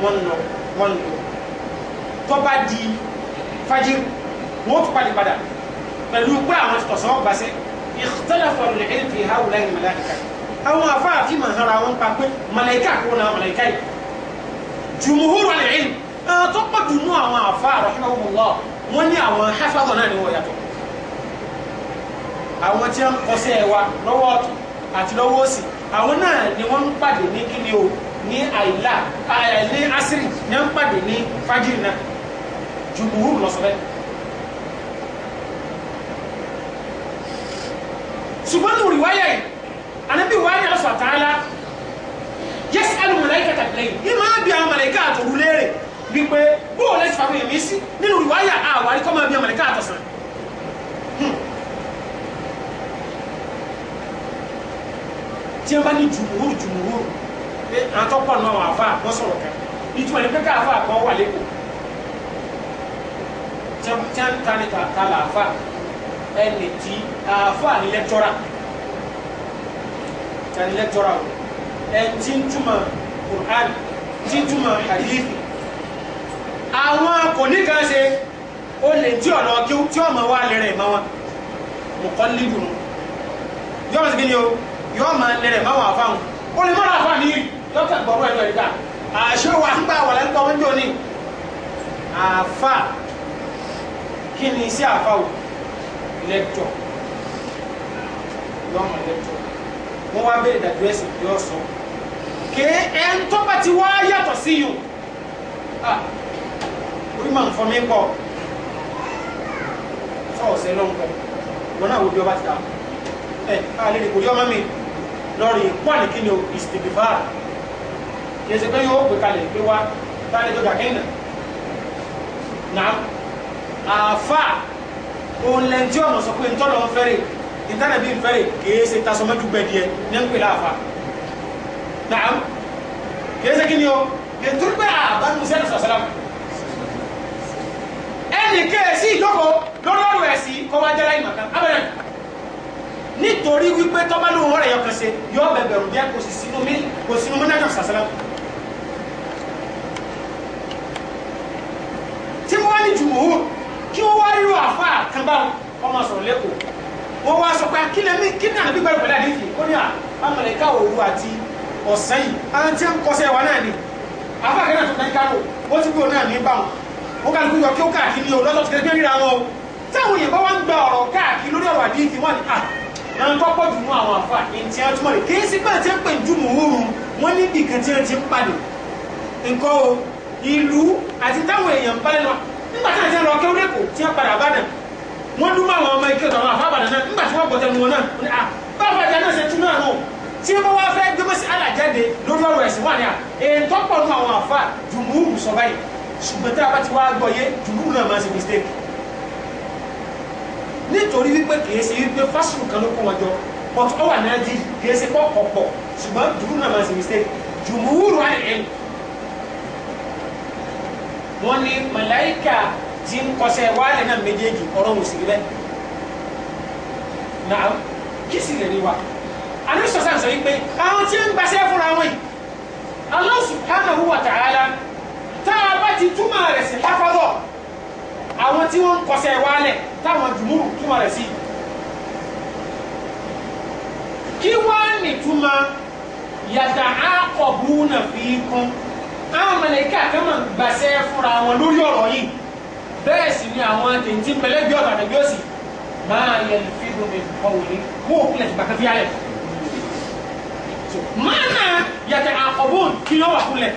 wọ́n lọ wọ́n lọ tó bá di fajiri wọ́n tún padì padà pẹ̀lú pé àwọn tọ̀sán ọgbà sí ikhtalafu al-'ilm fi ha'ula'i al-mala'ika àwọn afáàfí mà hara wọn pa pé màláìka kó na màláìka yìí jumhur al-'ilm tó pọ̀ jù nú àwọn afáà rahimahumullah wọ́n ní àwọn hafadọ̀ náà ni wọ́n yàtọ̀ àwọn tí wọ́n kọsẹ́ wa lọ́wọ́ ọ̀tún àti lọ́wọ́ òsì àwọn náà ni wọ́n ń pàdé ní kíni o ní àìlá àìlé asiri ní wọ́n ń pàdé ní fájìrì náà jumhur lọ́sọ̀rẹ́ ṣùgbọ́n nù rí wáyà yìí ànábì wáyà ní aṣọ àtàlá yẹsì alùmọ̀láìkà tàbílẹ̀yìn ní máa bí àwọn mọ̀láìkà àtòrú léèrè wípé bóò lẹ́sì fàmì èmi sí nínú rí wáyà àwárí kọ́ máa bí àwọn mọ̀láìkà àtọ̀sán hmm. tí wọ́n bá ní jùmùúrù jùmùúrù pé àtọ́pọ̀ náà wà fà wọ́n sọ̀rọ̀ kan ìtumọ̀ ní pẹ́kẹ́ àfà kan wà lẹ́kọ̀ọ́ tí wọ́n ta ní ta la fà ẹni tí a ah, ní lẹ́tọ́rà tani lẹ́tọ́rà o ẹni tí ń túmọ̀ Qur'an tí ń túmọ̀ hadith àwọn kò ní kan ṣe ó lè tí ọ̀nà kí tí ọmọ wa lẹ́rẹ̀ mọ́ wọn mùkọ́lídùn yọ́ mọ̀ sí kí ni o yọ́ mọ̀ lẹ́rẹ̀ mọ́ wọn àfáwọn ó lè mọ́ra àfáà ní dókítà gbọ́rọ̀ ẹ̀rọ ẹ̀dá àṣẹ wa ń gbà wà lẹ́gbọ́n wọn jò ní àfáà kí ni iṣẹ́ àfáà o lẹ́tọ̀ yọ ọmọ lẹ́tọ̀ wọ́n wá bẹ̀rẹ̀ ìdájọ́ ẹ̀sìn yọ sọ ké ẹ̀ ń tọ́pọ̀ tí wọ́n á yàtọ̀ sí yìí o orí màá fọ́ mi pọ̀ fọ́ọ̀sẹ̀ lọ́nkọ̀ wọn náà wo bí ọba ti dà ẹ̀ alẹ́ ni kò yọ ọmọ mi lọ́rọ̀ ìpọ́ àníkí ni ìsìtìbìbá kìí ṣe pé yóò pè kalẹ̀ pé wá tá a lè jọjà kẹ́hìnà náà òun lẹ́n tí ọmọ sọ pé ntọ́lọ ń fẹ́rẹ̀ ìtànà bí ń fẹ́rẹ̀ kìí ṣe tasọmọ́jú gbẹ̀díẹ̀ ní ń pè láàfà naam kìí ṣe kí ni o lè tún pé àbá ní sẹ́lẹ̀ sọ̀sọ́lá ẹnì kẹ́ẹ̀sì ìjókò lọ́lọ́rù ẹ̀sì kọ́ wá jẹ́lá ìmọ̀ kan abẹ́rẹ́ nítorí wípé tọ́ba ló wọ́n rẹ̀ yọkan ṣe yọ bẹ̀bẹ̀rù bí kò sì sínú mi kò sínú mi náà sọ̀sọ́lá tí wọ́n ní jùmọ̀ kí wọ́n wá rírò àfáà k kí lè ní kí náà gbígbẹ́rù pẹ̀lú àdífì ó ní àmàlẹ̀ká òru àti ọ̀sán yìí àwọn tí ń kọsẹ̀ wa náà ni afáàkẹ́ náà tó náà kánò ó ti kúrò náà ní báwọn ó kálukú yọ kí ó káàkiri o lọ́sọ̀ tìkẹ́ ríra wọn o táwọn èèyàn bá wá ń gba ọ̀rọ̀ káàkiri lórí ọ̀rọ̀ àdífì wọn ni à náà ń kọ́kọ́ dùnú àwọn àfà ìntì ẹ̀ túmọ̀ rẹ̀ kí sí pé ti ń pè ju mùúrù wọn níbi kan tí wọn ti ń padì o ìlú àti táwọn èèyàn ń bá lẹ́nu nígbà tí wọn ti ń lọ kẹ́wọ́n lẹ́kọ̀ọ́ tí wọn padà bá dàn wọ́n dún máa wọn ọmọ ike ọ̀dọ̀ àwọn àfábàdàn náà nígbà tí wọ́n gbọ́tẹ̀ nu wọn náà ní à báwo ẹja náà ṣe tún náà nù tí wọ́n wá fẹ́ gbé mọ́sí alájáde lórí ọ̀rọ̀ ẹ̀sìn wà ní à ah, èyí tó pọ̀ nù àwọn àfà jùmùúrù sọ báyìí ṣùgbọ́n tí a bá ti wá gbọ́ yé jùmùúrù náà máa ṣe mistake nítorí wípé kìí ṣe wípé fásitì kan ló kó wọn jọ but ó wà náà di kìí ṣe pọ̀ ọ̀pọ̀ ṣùgbọ́n jùmùúrù náà máa ṣe mistake jùmùúrù àìlẹ́yìn wọ́n ní màláìkà tí ń kọsẹ̀ wáyé náà méjèèjì ọ̀rọ̀ wò sí bẹ́ẹ̀ náà kí sì lè rí wa anisọ sáà sọ yìí pé àwọn tí ń gbàṣẹ́ fúnra wọn yìí Allah subhanahu wa ta'ala tá a bá ti túmọ̀ rẹ̀ sí láfọ́dọ̀ àwọn tí wọ́n ń kọsẹ̀ wálẹ̀ táwọn jùmúrù túmọ̀ rẹ̀ sí kí wọ́n ní túmọ̀ yàtà àkọ̀bù náà fi kún àwọn mẹlẹ́kà kan máa gbàṣẹ́ fúnra wọn lórí ọ̀rọ̀ yìí bẹ́ẹ̀ sì ni àwọn tèntì pẹlẹbi ọ̀nà àdàbí òsì máa yẹ fídùn mi kọ̀wé kó o kílẹ̀ tìgbà kan fi alẹ̀ mana yàtọ̀ àkọ́bùn kí ni wọ́n wà kúlẹ̀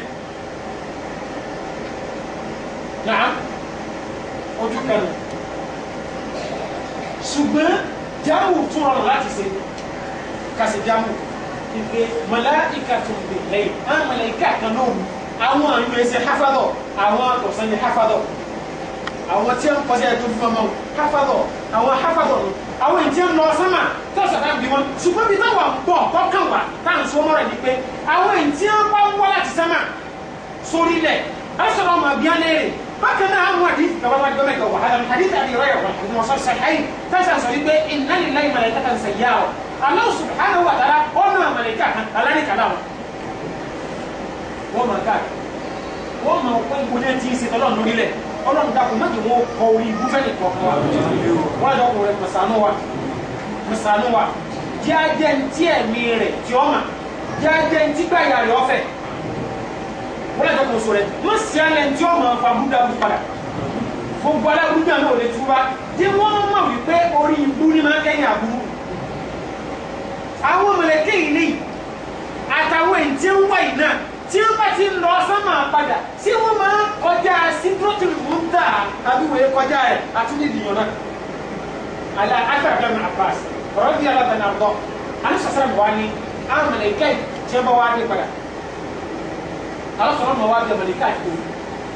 náà ojú kan ṣùgbọ́n jáwù tún rọrùn láti ṣe kàṣẹ jáwù ìpè mọ̀láìkà tó ń gbè lẹ́yìn àwọn mọ̀láìkà kan lóhùn àwọn àyùn ẹsẹ̀ àwọn àtọ̀sán ni háfádọ̀ àwọn tí ń kọjá ẹtù fún ọmọ hafadọ àwọn hafadọ lọ àwọn ìtí ń lọ sánmà tọ́sọ̀tà bí wọn ṣùgbọ́n bí táwọn ń bọ̀ tọ́kàn wà tá à ń sọmọ́ rẹ̀ ni pé àwọn ìtí ń bá ń wá láti sánmà sórí lẹ̀ ẹ̀sọ̀rọ̀ ọmọ àbíyá lẹ́rẹ̀ bákan náà àwọn àdìsí kan wájú ọjọ́ mẹ́ta wàhálà àdìsí àbí ìrọ̀yà wà ní wọn sọ́sọ́ ṣáì tẹ́sán sọ wípé iná ní láì màlẹ̀ tẹ́tàn sẹ̀ yá ọ àmọ́ subhanahu wa ta'ala ọ̀nà àmàlẹ̀ká alárìkà náà wọ́n máa káàkiri wọ́n máa kó ìkójẹ́ tí ń ṣe tọ́lọ́ lórílẹ̀ ọlọ́run dàpọ̀ méjì wọn kọ orí ibú fẹ́ni kọ̀ọ̀kan wa wọn àjọ kò rẹ̀ pẹ̀sánú wa pẹ̀sánú wa jẹ́ ajẹ́ ń tí ẹ̀mí rẹ̀ tí ọ́ mà jẹ́ ajẹ́ ń tí gbàyà rẹ̀ ọ̀fẹ́ wọn àjọ kò sọ rẹ̀ wọ́n sì á lẹ́ni tí ọ́ mà ń fa búdà bú padà gbogbo alábúdà náà lè túbá jẹ́ wọ́n mọ̀ wípé orí ibú ni máa kẹ́yìn àbúrú àwọn mọ̀lẹ́kẹ́ ìlẹ́yìn àtàwọn èyí tí ń wà yìí náà tí wọ́n bá ti lọ sánmà padà tí wọ́n máa ń kọjá sídúrótìlì múntà tàbí wòye kọjá ẹ̀ àtúndì ìdìyàn náà alá afẹ́rẹ́ mi Abbas ọ̀rọ̀ bí alábẹ̀ náà gbọ́ alùsọ̀sọ̀ mi wá ní amẹ̀lẹ̀kẹ́ tí wọ́n bá wá dé padà alùsọ̀rọ̀ mi wá bí amẹ̀lẹ̀kẹ́ àti kò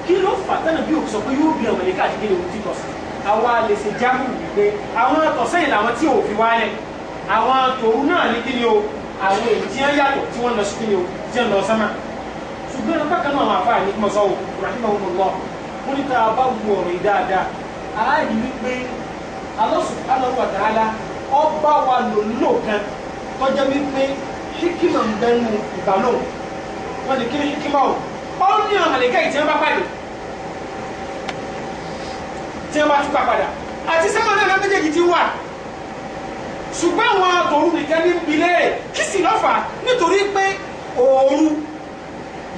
kí ló fà tẹ́lẹ̀ bí òkú sọ pé yóò bí amẹ̀lẹ̀kẹ́ àti kéde òun ti tọ̀sí àwa lè ṣe jágùn wípé àwọn tọ̀sẹ́yìn làwọn tí ò fi wáyẹn àwọn tòun náà ní kí ni o àwọn èyí tí wọ́n yàtọ̀ tí wọ́n lọ sí kí ni o tí wọ́n lọ sánmà ṣùgbọ́n apá kan náà àfáà ní kúmọ̀ sọ́wọ́ rahimahumullah wọ́n ní tá a bá wu ọ̀rọ̀ yìí dáadáa aláàyè wípé Allah subhanahu wa ta'ala ọba wa lòlò kan tọ́jà wípé hikima ń bẹnu ìbálò wọ́n ní kí ni hikima o ó ní ọ̀nà àlèkà yìí tí wọ́n bá pàdé tí wọ́n bá tún pàpàdà àti sẹ́wọ̀n náà méjèèjì ti wà ṣùgbọ́n àwọn àtọ̀rù nìkan ní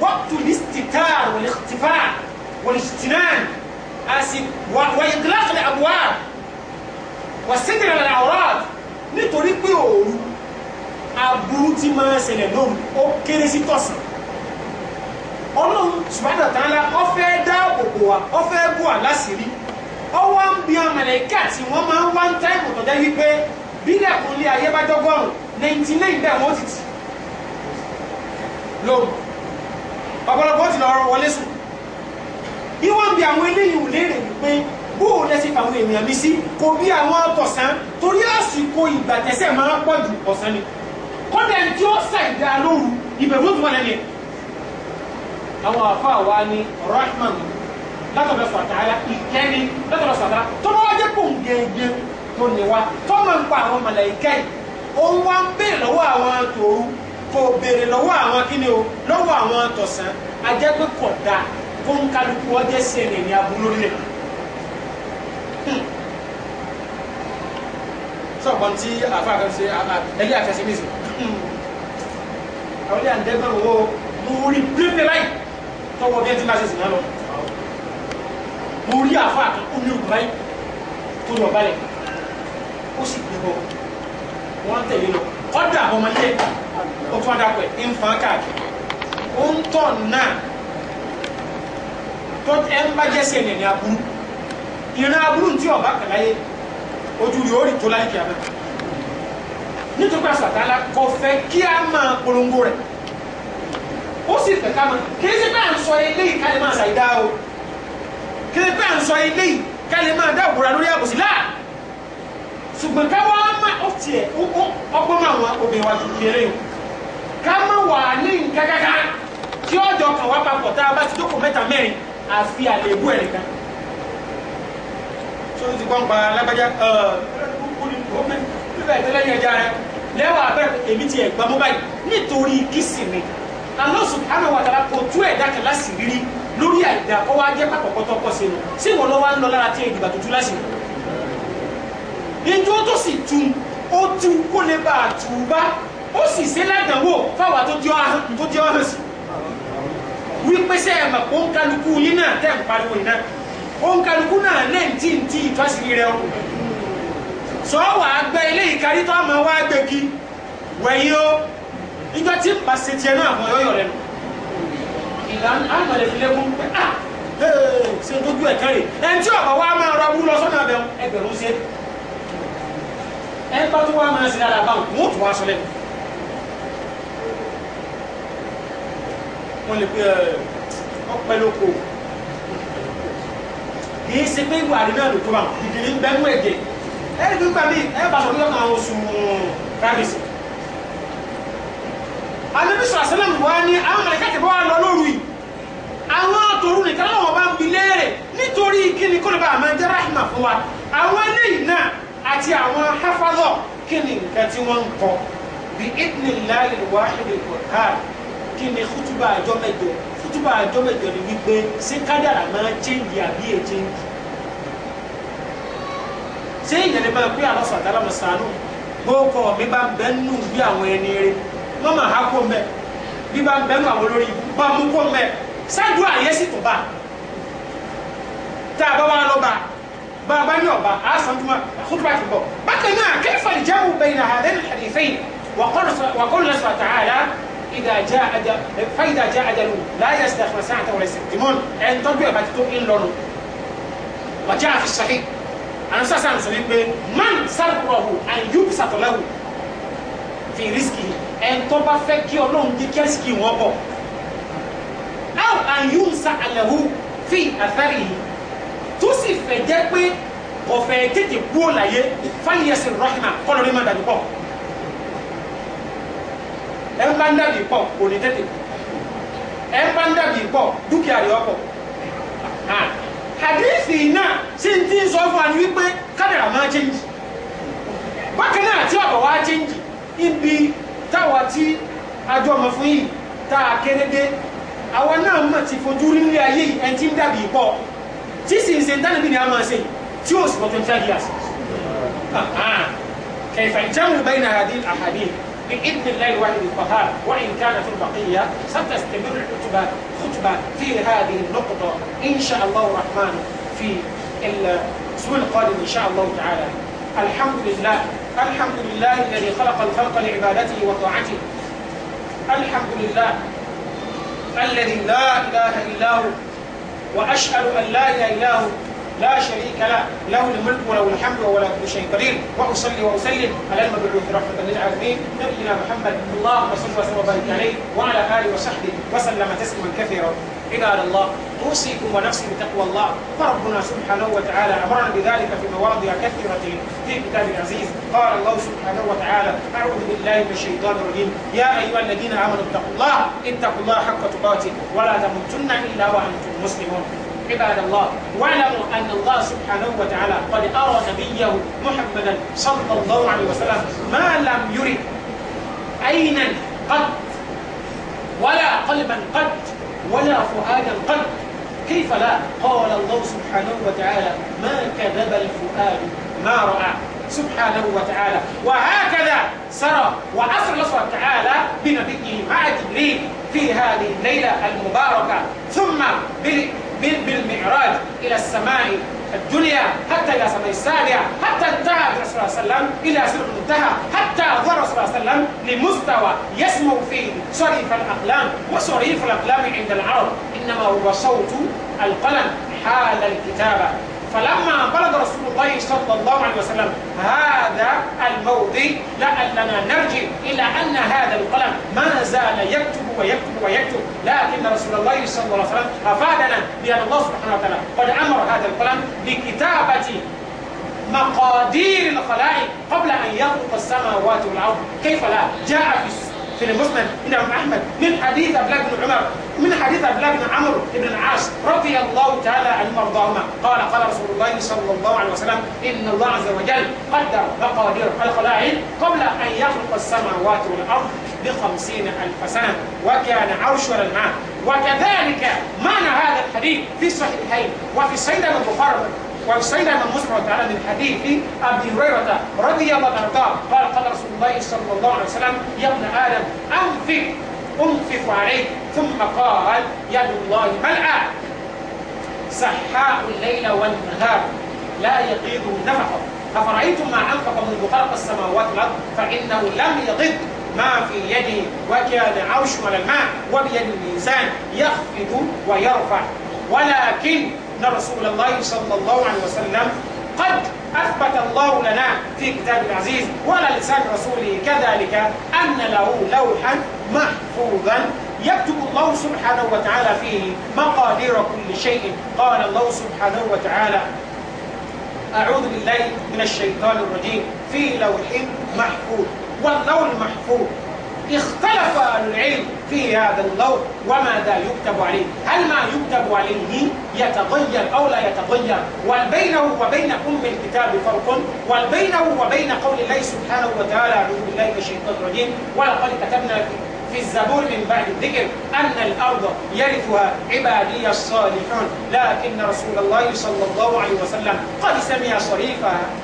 وقت الاستتار والاختفاء والاجتنان وإغلاق الأبواب والستر على العورات nítorí pé òru aburú tí máa ṣẹlẹ̀ lóru ó kéré sí tọ̀sán ọlọ́run subhanahu wa ta'ala ó fẹ́ dáàbòbò wa ó fẹ́ bù wá láṣìírí ọwọ́ ń bi amẹ̀lẹ́kà tí wọ́n máa ń wá ń táìmù tọ́jà wípé bílẹ̀ kún lé ayé bá dọ́gọ́rùn-ún ninety nine bẹ́ẹ̀ wọ́n ti tì lóru ọ̀pọ̀lọpọ̀ ti lọ wọlé sùn ìwọ̀n bí àwọn eléyìí ò léèrè wípé bó o lẹ́sìn fáwọn èèyàn mi sí kò bí àwọn ọ̀tọ̀sán torí àsìkò ìgbà tẹ̀sẹ̀ máa ń pọ̀ ju ọ̀sán ni kọ́dà tí ó ṣàìdá lóru ìbẹ̀rù tó wà lẹ́nu ẹ̀. àwọn àfa wa ni rahman látọ̀dọ̀ sàtàlá ìkẹ́ni látọ̀dọ̀ sàtàlá tó bá wá jẹ́ kó ń gẹ́gẹ́ tó ní wa tó máa ń pa àwọn màláíkà òun wá ń bèèrè lọ́wọ́ àwọn tòun kò béèrè lọ́wọ́ àwọn kíni o lọ́wọ́ àwọn tọ̀sán ajẹ́ pé kọ̀ da kó ń kálukú ọjẹ́ sí ẹ̀rìn ní abúlé rẹ̀ hmm. sọ̀gbọ́n tí àfáàkàn ṣe ẹgbẹ́ àfẹsẹ̀ mi sè hmm. àwọn ilé àǹdẹ́gbẹ́ wo mo rí pépé báyìí tọwọ́ bí ẹ ti máa ṣe sìn náà lọ mo rí àfáàkàn ó ní ògùn báyìí tó lọ balẹ̀ ó sì gbé bọ̀ wọ́n tẹ̀lé lọ ọ̀dà ọmọlé ó tún adapẹ̀ ń fa káàkiri ó ń tọ̀ náà tó ẹ ń bá jẹ́sẹ̀ ẹ̀nẹ̀ ní aburú ìran aburú tí ọba kàláyé ojú yóò rí tó láyé kí a mẹ́ nítorí pé àṣàtàlá kò fẹ́ kí a máa polongo rẹ̀ ó sì fẹ́ ká máa kí ẹsẹ̀ bá ń sọ eléyìí ká lè máa ṣàìdá o kí ẹsẹ̀ bá ń sọ eléyìí ká lè máa dá òkúra lórí àbòsí láà ṣùgbọ́n ká wá má ó tiẹ̀ ọgbọ́n máa wọn obìnrin wa ti kéré o ká má wà ní nǹkan kankan tí ọjọ́ kan wá papọ̀ tá a bá ti jókòó mẹ́ta mẹ́rin àfi àlèébú ẹ̀rìn kan. tó ti gbọ́n pa alágbájá lẹ́wọ̀ abẹ́rẹ́ èmi ti ẹ̀gbá mobile nítorí kìsì ni Allah subhanahu wa ta'ala kò tú ẹ̀dá kan láti rírí lórí àìdá kọ́ wá jẹ́ pàpọ̀ kọ́tọ́ kọ́ sínú sí ìwọ lọ́wọ́ ń lọ lára tí ìdìbà tó tú ìjọ tó sì tu ó tu kó lè bá a tù ú bá ó sì ṣe ládàáwò fáwa tó di ọ́hán tó di ọ́hán sí wípé sẹ́yìn mà kó ń kálukú yín náà tẹ̀ ń pariwo yín náà ó ń kálukú náà lẹ́yìn tí ń tí ìtọ́sí rẹ o sọ wà á gbẹ ilé ìkárí tó àmọ́ wá gbégi wẹ̀yìn o ìjọ tí ń pàṣẹ tiẹ̀ náà mọ̀ yọ̀yọ̀ rẹ̀ ìlànà àgbàlẹ̀ fi lékún pé ah ṣe ń tójú ẹ̀ kárì ẹ̀ ń tí ọ̀pọ̀ wa máa rọ lọ sọ́nà ẹgbẹ̀rún ṣe ẹ bá tó wá máa ṣe dára báwọn wọn ò tún wá sọ lẹ́nu wọn lè pe ọpẹ lóko kì í ṣe pé ìwà àdínà ló tó bá wọn ìdílé ń bẹnu ẹ̀jẹ̀ ẹ ní gbígbà mí ẹ bá sọ pé ọkàn àwọn oṣù rábìsì àwọn mọ̀lẹ́kà tẹ̀ bọ́ wa bá ń bi léèrè nítorí kí ni kó lè bá àmọ́ ráhìmà fún wa àwọn eléyìí náà àti àwọn hafadọ kí ni nǹkan tí wọ́n ń kọ bí idnillahi alwahid alqahhar kí ni kútùbà àjọ mẹ́jọ kútùbà àjọ mẹ́jọ ni wípé ṣé kádàrà máa chéǹgì àbí è chéǹgì ṣé ìyẹn lè máa pé àlọ́ sàtàlà mọ̀ sànú gbóòkọ̀ mi bá ń bẹ́ nù bí àwọn ẹni rẹ wọ́n máa há kó mẹ́ bí bá ń nù àwọn olórí bá mú kó mẹ́ ṣáájú àyẹ́sì tó bá tá a bá wà lọ́ba bàbá ní ọba àásánjúmọ́ fúnpá ti bọ̀ bákan náà kayfa al-jam'u bayna hadhaini al-hadithayn wa qala ta'ala idha ja'a fa idha ja'a ajaluhum la yasta'khiruna sa'atan wa la yastaqdimun ẹ̀ ń tọ́jú ẹ̀ bá ti tó ń lọ́nu wa ja'a fi sahih anasasa nso ni pe man sakurahu and you satolahu fi risiki ẹntọ bá fẹ́ kí Ọlọ́run di kẹsìkì wọn bọ aw and you sa alahu fi afẹri yìí tó sì fẹ́ jẹ́ pé ọ̀fẹ́ tètè kú ò láyé fáyẹsẹ̀ rahima kọ́nà ní máa dàbí pọ̀ ẹ ń bá ń dàbí pọ̀ kò ní tètè ẹ ń bá ń dàbí pọ̀ dúkìá rẹ̀ ọ̀pọ̀ hadithi náà ṣe ń tí ń sọ fún wa ni wípé kádàrà máa chẹ́ǹjì bákan náà tí ọ̀bọ̀ wá chẹ́ǹjì níbi táwa tí ajọ́ ọmọ fún yìí tá a kéré dé àwọn náà mọ̀ ti fojú rí nílé ayé yìí ẹ̀ ń tí ń dàbí pọ̀ tí sì ń ṣe dáná bí ni a máa ṣe tí ó sì fọ́tún twenty years kẹfà ìjáwé بإذن الله الواحد القهار وإن كانت البقية ستستمر الخطبة خطبة في هذه النقطة إن شاء الله الرحمن في الأسبوع القادم إن شاء الله تعالى الحمد لله الحمد لله الذي خلق الخلق لعبادته وطاعته الحمد لله الذي لا إله إلا هو وأشهد أن لا إله إلا هو لا شريك له له الملك وله الحمد وهو كل شيء قدير واصلي واسلم على المبعوث رحمه للعالمين نبينا محمد اللهم صل وسلم وبارك عليه وعلى اله وصحبه وسلم تسليما كثيرا عباد الله اوصيكم ونفسي بتقوى الله فربنا سبحانه وتعالى امرنا بذلك في مواضع كثيره في كتاب العزيز قال الله سبحانه وتعالى اعوذ بالله من الشيطان الرجيم يا ايها الذين امنوا اتقوا الله اتقوا الله حق تقاته ولا تموتن الا وانتم المسلمون عباد الله واعلموا أن الله سبحانه وتعالى قد أرى نبيه محمدا صلى الله عليه وسلم ما لم يرد عينا قد ولا قلبا قد ولا فؤادا قد كيف لا قال الله سبحانه وتعالى ما كذب الفؤاد ما رأى سبحانه وتعالى وهكذا سرى وعصر الله سبحانه وتعالى بنبيه مع جبريل في هذه الليلة المباركة ثم بالمعراج إلى السماء الدنيا حتى إلى سماء السابعة حتى انتهى الرسول صلى الله عليه وسلم إلى سر المنتهى حتى ظهر صلى الله عليه وسلم لمستوى يسمو فيه صريف الأقلام وصريف الأقلام عند العرب إنما هو صوت القلم حال الكتابة فلما بلغ رسول الله صلى الله عليه وسلم هذا الموضي لعلنا نرجع إلى أن هذا القلم ما زال يكتب ويكتب ويكتب لكن رسول الله صلى الله عليه وسلم أفادنا بأن الله سبحانه وتعالى قد أمر هذا القلم بكتابة مقادير الخلائق قبل أن يخلق السماوات والأرض كيف لا جاء في السنة في المسند من أحمد من حديث ابلاغ بن عمر من حديث ابلاغ بن عمرو بن العاص رضي الله تعالى عنهما مرضاهما قال قال رسول الله صلى الله عليه وسلم إن الله عز وجل قدر مقادير الخلائق قبل أن يخلق السماوات والأرض بخمسين ألف سنة وكان عرش الماء وكذلك معنى هذا الحديث في الصحيحين وفي سيدنا البخاري واشتهد أن مسلم تعالى من حديث أبي هريرة رضي الله عنه قال قال رسول الله صلى الله عليه وسلم يا ابن آدم أنفق أنفق عليك ثم قال يد الله ملأى سحاء الليل والنهار لا يقيده نفقه أفرأيتم ما أنفق منذ خلق السماوات والأرض فإنه لم يضد ما في يده وكان عوش على الماء وبيد الميزان يخفض ويرفع ولكن أن رسول الله صلى الله عليه وسلم قد أثبت الله لنا في كتابه العزيز وعلى لسان رسوله كذلك أن له لوحا محفوظا يكتب الله سبحانه وتعالى فيه مقادير كل شيء قال الله سبحانه وتعالى أعوذ بالله من الشيطان الرجيم في لوح محفوظ واللوح المحفوظ اختلف أهل العلم في هذا اللون وماذا يكتب عليه هل ما يكتب عليه يتغير أو لا يتغير والبينه وبين أم الكتاب فرق والبينه وبين قول الله سبحانه وتعالى أعوذ بالله من الشيطان الرجيم ولقد كتبنا في في الزبور من بعد الذكر أن الأرض يرثها عبادي الصالحون لكن رسول الله صلى الله عليه وسلم قد سمع صريف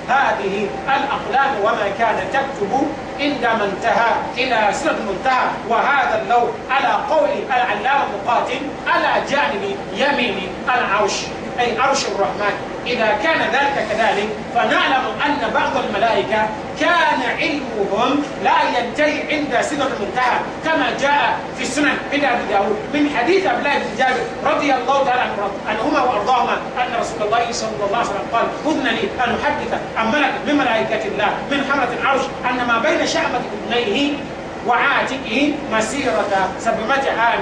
هذه الأقلام وما كان تكتب عندما انتهى إلى سر المنتهى وهذا اللون على قول العلامة مقاتل على جانب يمين العرش أي عرش الرحمن إذا كان ذلك كذلك فنعلم أن بعض الملائكة كان علمهم لا ينتهي عند سدر المنتهى كما جاء في السنن عند أبي داود من حديث عبد بن جابر رضي الله تعالى عنهما وأرضاهما أن رسول الله صلى الله عليه وسلم قال أذن لي أن أحدث عن ملك من ملائكة الله من حملة العرش أن ما بين شعبة أذنيه وعاتقه مسيرة سبعمائة عام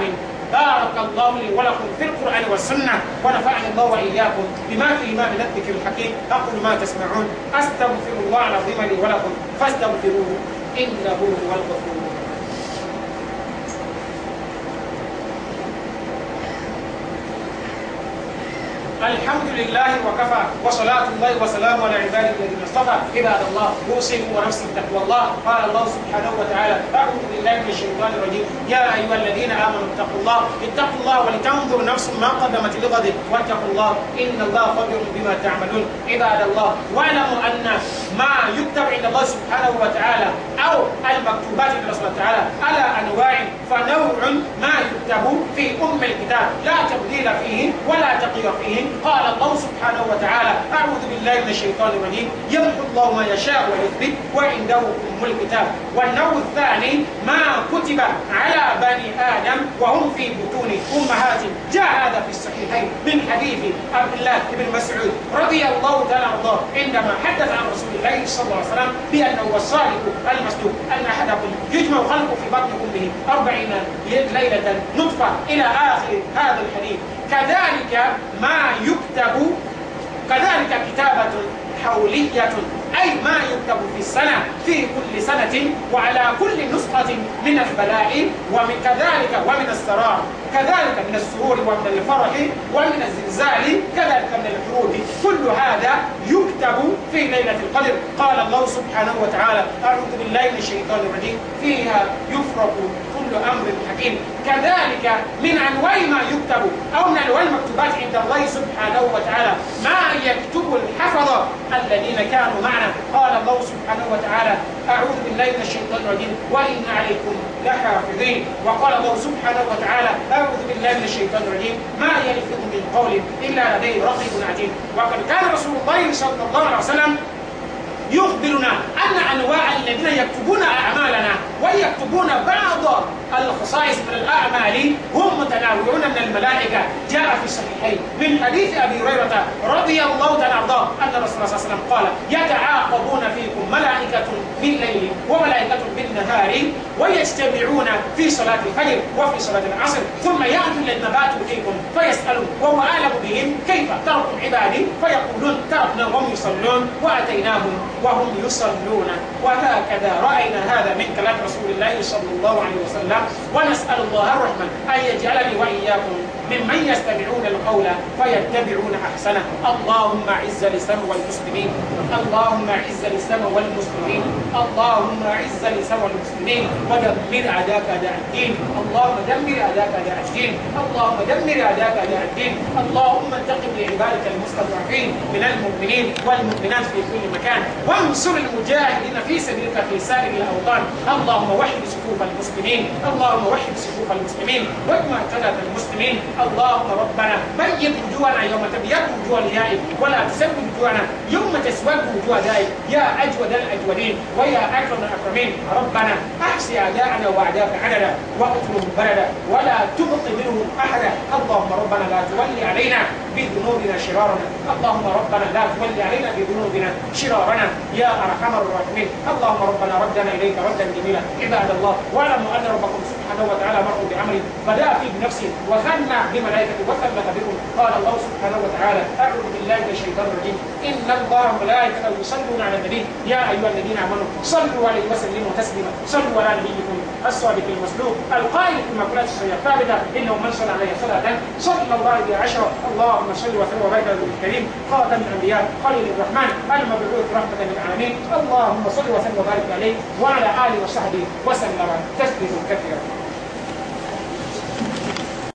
بارك الله لي ولكم في القرآن والسنة ونفعني الله وإياكم بما في إمام الذكر الحكيم أقول ما تسمعون أستغفر الله العظيم لي ولكم فاستغفروه إنه هو الغفور الحمد لله وكفى وصلاة الله وسلام على عباده الذين اصطفى عباد الله أوصيكم ونفسي بتقوى الله قال الله سبحانه وتعالى أعوذ بالله من الشيطان الرجيم يا أيها الذين آمنوا اتقوا الله اتقوا الله ولتنظر نفس ما قدمت لغد واتقوا الله إن الله خبير بما تعملون عباد الله واعلموا أن ما يكتب عند الله سبحانه وتعالى أو المكتوبات من الله سبحانه وتعالى على أنواع فنوع ما يكتب في أم الكتاب لا تبديل فيه ولا تقي فيه قال الله سبحانه وتعالى أعوذ بالله من الشيطان الرجيم يمحو الله ما يشاء ويثبت وعنده أم الكتاب والنوع الثاني ما كتب على بني آدم وهم في بطون أمهات جاء هذا في الصحيحين من حديث عبد الله بن مسعود رضي الله تعالى عنه عندما حدث عن رسول الله صلى الله عليه وسلم بأنه هو الصادق المسلوب أن أحدكم يجمع خلقه في بطن أمه أربعين ليلة نطفة إلى آخر هذا الحديث كذلك ما يكتب كذلك كتابة حولية أي ما يكتب في السنة في كل سنة وعلى كل نسخة من البلاء ومن كذلك ومن السرار كذلك من السرور ومن الفرح ومن الزلزال كذلك من الحروب كل هذا يكتب في ليلة القدر قال الله سبحانه وتعالى أعوذ بالله من الشيطان الرجيم فيها يفرق كل أمر حكيم كذلك من أنواع ما يكتب أو من أنواع المكتوبات عند الله سبحانه وتعالى ما يكتب الحفظة الذين كانوا معنا قال الله سبحانه وتعالى أعوذ بالله من الشيطان الرجيم وإن عليكم لحافظين وقال الله سبحانه وتعالى أعوذ بالله من الشيطان الرجيم ما يلفظ من قول إلا لديه رقيب عجيب وقد كان رسول الله صلى الله عليه وسلم يخبرنا أن أنواع الذين يكتبون أعمالنا ويكتبون بعض الخصائص من الأعمال هم متناولون من الملائكة جاء في الصحيحين من حديث أبي هريرة رضي الله تعالى عنه أن رسول الله صلى الله عليه وسلم قال يتعاقبون فيكم ملائكة بالليل وملائكة بالنهار ويجتمعون في صلاة الفجر وفي صلاة العصر ثم يأتي النبات فيكم فيسألون وهو أعلم بهم كيف تركوا عبادي فيقولون تركنا وهم يصلون وأتيناهم وهم يصلون وهكذا رأينا هذا من كلام رسول الله صلى الله عليه وسلم ونسأل الله الرحمن أن يجعلني وإياكم ممن يستمعون القول فيتبعون احسنه اللهم اعز الاسلام والمسلمين اللهم اعز الاسلام والمسلمين اللهم اعز الاسلام والمسلمين ودمر اعداءك اعداء الدين اللهم دمر اعداءك اعداء الدين اللهم دمر اعداءك اعداء الدين اللهم انتقم لعبادك المستضعفين من المؤمنين والمؤمنات في كل مكان وانصر المجاهدين في سبيلك في سائر الاوطان اللهم وحد صفوف المسلمين اللهم وحد صفوف المسلمين واجمع تلات المسلمين اللهم ربنا بيض وجوهنا يوم تبيض وجوه اليائي ولا تسود وجوهنا يوم تسود وجوه دائي يا اجود الاجودين ويا اكرم الاكرمين ربنا احصي اعداءنا واعداءك عددا واقتلهم بلدا ولا تبق منهم احدا اللهم ربنا لا تولي علينا بذنوبنا شرارنا اللهم ربنا لا تولي علينا بذنوبنا شرارنا يا ارحم الراحمين اللهم ربنا ردنا اليك ردا جميلا عباد الله واعلموا ان ربكم سبحانه سبحانه وتعالى امره بعمل فداء فيه بنفسه وثنى بملائكته وثبت بكم قال الله سبحانه وتعالى أعوذ بالله من الشيطان الرجيم إن الله ملائكته يصلون على النبي يا أيها الذين آمنوا صلوا عليه وسلموا تسليما صلوا على نبيكم الصادق المسلوب القائل في مقولات الشريعة الثابتة إنه من صلى عليه صلاة صلى الله عليه عشرة اللهم صل وسلم وبارك على الكريم خاتم الأنبياء خليل الرحمن المبعوث رحمة للعالمين اللهم صل وسلم وبارك عليه وعلى آله وصحبه وسلم تسليما كثيرا